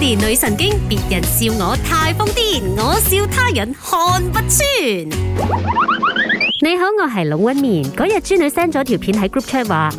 連女神經，別人笑我太瘋癲，我笑他人看不穿。你好，我係龍紋敏。嗰日豬女 send 咗條片喺 group chat 話。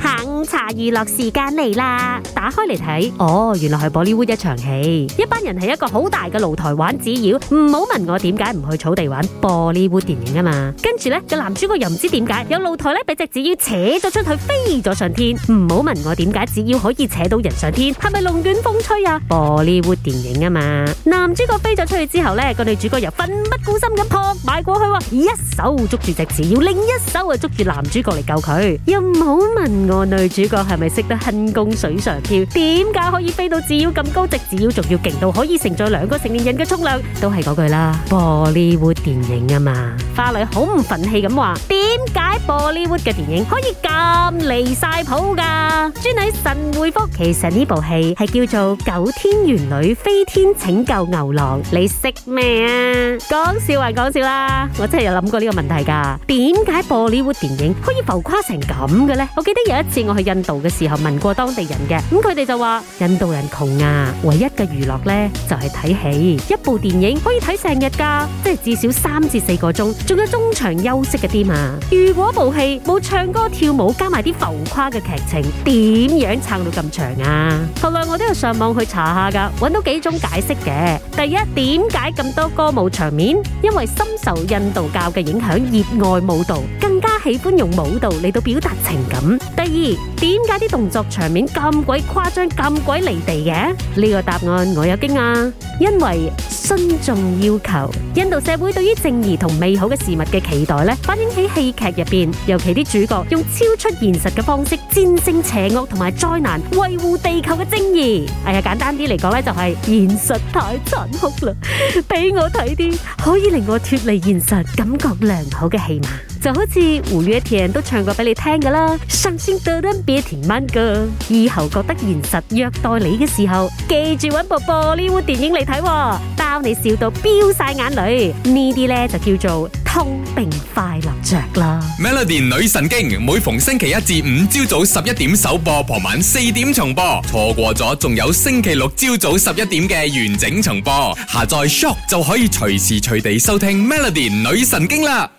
茶娛樂時間嚟啦，打開嚟睇，哦，原來係寶萊塢一場戲，一班人喺一個好大嘅露台玩紙鷂，唔好問我點解唔去草地玩寶萊塢電影啊嘛。跟住呢個男主角又唔知點解，有露台呢俾隻紙鷂扯咗出去，飛咗上天，唔好問我點解紙鷂可以扯到人上天，係咪龍捲風吹啊？寶萊塢電影啊嘛，男主角飛咗出去之後呢，個女主角又奮不顧身咁撲埋過去喎，一手捉住隻紙鷂，另一手啊捉住男主角嚟救佢，又唔好問我女。主角係咪識得輕功水上漂？點解可以飛到只腰咁高？直至腰仲要勁到可以承載兩個成年人嘅重量？都係嗰句啦，寶萊塢電影啊嘛。花女好唔忿氣咁話：點解？玻璃 l w o o d 嘅電影可以咁離晒譜噶，專喺神回覆。其實呢部戲係叫做《九天玄女飛天拯救牛郎》，你食咩啊？講笑還講笑啦，我真係有諗過呢個問題噶。點解玻璃 l l w o o d 電影可以浮誇成咁嘅呢？我記得有一次我去印度嘅時候問過當地人嘅，咁佢哋就話：印度人窮啊，唯一嘅娛樂呢就係睇戲，一部電影可以睇成日噶，即係至少三至四個鐘，仲有中場休息嘅添啊！如果部戲冇唱歌跳舞加埋啲浮誇嘅劇情，點樣撐到咁長啊？後來我都有上網去查下噶，搵到幾種解釋嘅。第一，點解咁多歌舞場面？因為深受印度教嘅影響，熱愛舞蹈。喜歡用舞蹈嚟到表達情感。第二，點解啲動作場面咁鬼誇張、咁鬼離地嘅？呢個答案我有驚訝，因為信眾要求印度社會對於正義同美好嘅事物嘅期待呢，反映喺戲劇入邊，尤其啲主角用超出現實嘅方式戰勝邪惡同埋災難，維護地球嘅正義。哎呀，簡單啲嚟講呢就係現實太殘酷啦，俾 我睇啲可以令我脫離現實、感覺良好嘅戲碼。就好似胡月田都唱過俾你聽噶啦，生先得恩別甜蚊噶，以後覺得現實虐待你嘅時候，記住揾部 Bollywood 電影嚟睇，哦，包你笑到飆晒眼淚。呢啲呢就叫做痛並快樂着啦。Melody 女神經每逢星期一至五朝早十一點首播，傍晚四點重播，錯過咗仲有星期六朝早十一點嘅完整重播。下載 Shock 就可以隨時隨地收聽 Melody 女神經啦。